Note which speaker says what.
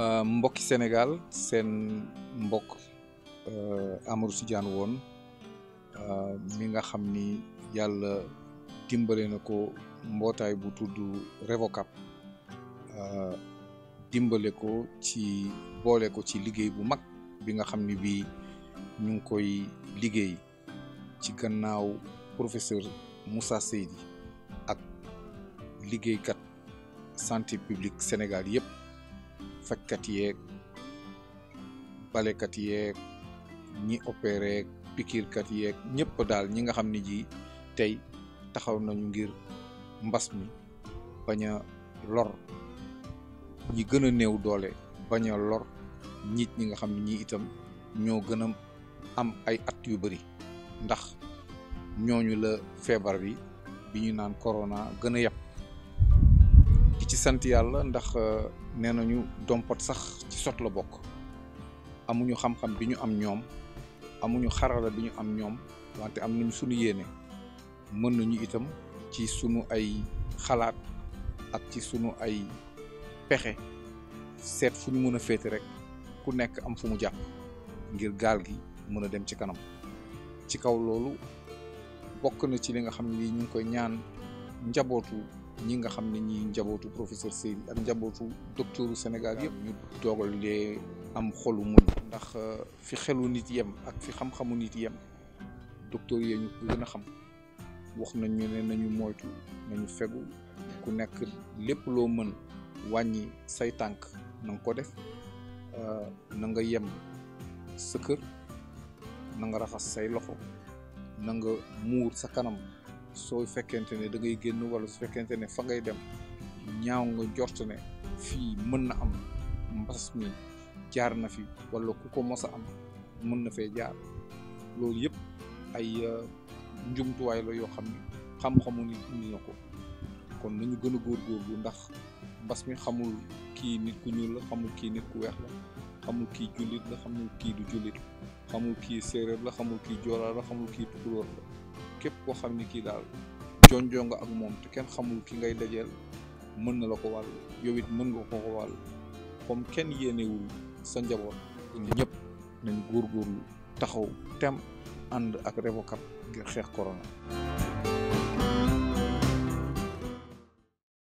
Speaker 1: Euh, mbokki Sénégal seen mbokk euh, Amadou Tidiane woon euh, mi nga xam ni yàlla dimbale na ko mbootaay bu tudd Revocap dimbale ko ci boole ko ci liggéey bu mag bi nga xam ni bii ñu ngi koy liggéey ci gannaaw professeur Moussa Seydi ak liggéeykat santé publique Sénégal yëpp. fajkat yeeg balekat yeeg ñi opéré pikirkat yeeg ñëpp daal ñi nga xam ni ji tey taxaw nañu ngir mbas mi bañ a lor ñi gën a néew doole bañ a lor nit ñi nga xam ne ñi itam ñoo gën a am ay at yu bari ndax ñooñu la feebar bi bi ñu naan corona gën a yàpp ci sant yàlla ndax euh, nee nañu dompot sax ci sot la bokk amuñu xam-xam bi ñu am ñoom amuñu xarala bi ñu am ñoom wante am nañu sunu yéene mën nañu itam ci sunu ay xalaat ak ci sunu ay pexe seet fu ñu mën a féete rek ku nekk am fu mu jàpp ngir gaal gi mën a dem ci kanam ci kaw loolu bokk na ci li nga xam ni ñu koy ñaan njabootu ñi nga xam ne ñi njabootu professeur Seydi ak njabootu docteuru Sénégal yëpp ñu doogal lee am xolu muñ ndax euh, fi xelu nit yem ak fi xam-xamu nit yem docteur yee ñu ko gën xam wax nañ ñu ne nañu moytu nañu fegu ku nekk lépp loo mën wàññi say tànk na nga ko def euh, na nga yem sa kër na nga raxas say loxo na nga muur sa kanam soo fekkente ne da ngay génn wala su fekkente ne fa ngay dem ñaaw nga jort ne fii mën na am mbas mi jaar na fi walla ku ko mos a am mën na fee jaar loolu yëpp ay uh, njumtuwaay la yoo xam ne xam-xamu nit indi na ko kon nañu gën a góorgóorlu ndax mbas mi xamul kii nit ku ñuul la xamul kii nit ku weex la xamul kii jullit la xamul kii du jullit xamul kii séeréer la xamul kii joolaa la xamul kii tukulóor la képp koo xam ni kii daal jonjoo nga ak moom te kenn xamul ki ngay dajeel mën na la ko wàll yow it mën nga ko ko wàll comme kenn yéenewul sa njaboot ñëpp góor góorgóorlu taxaw tem ànd ak Revocap ngir xeex corona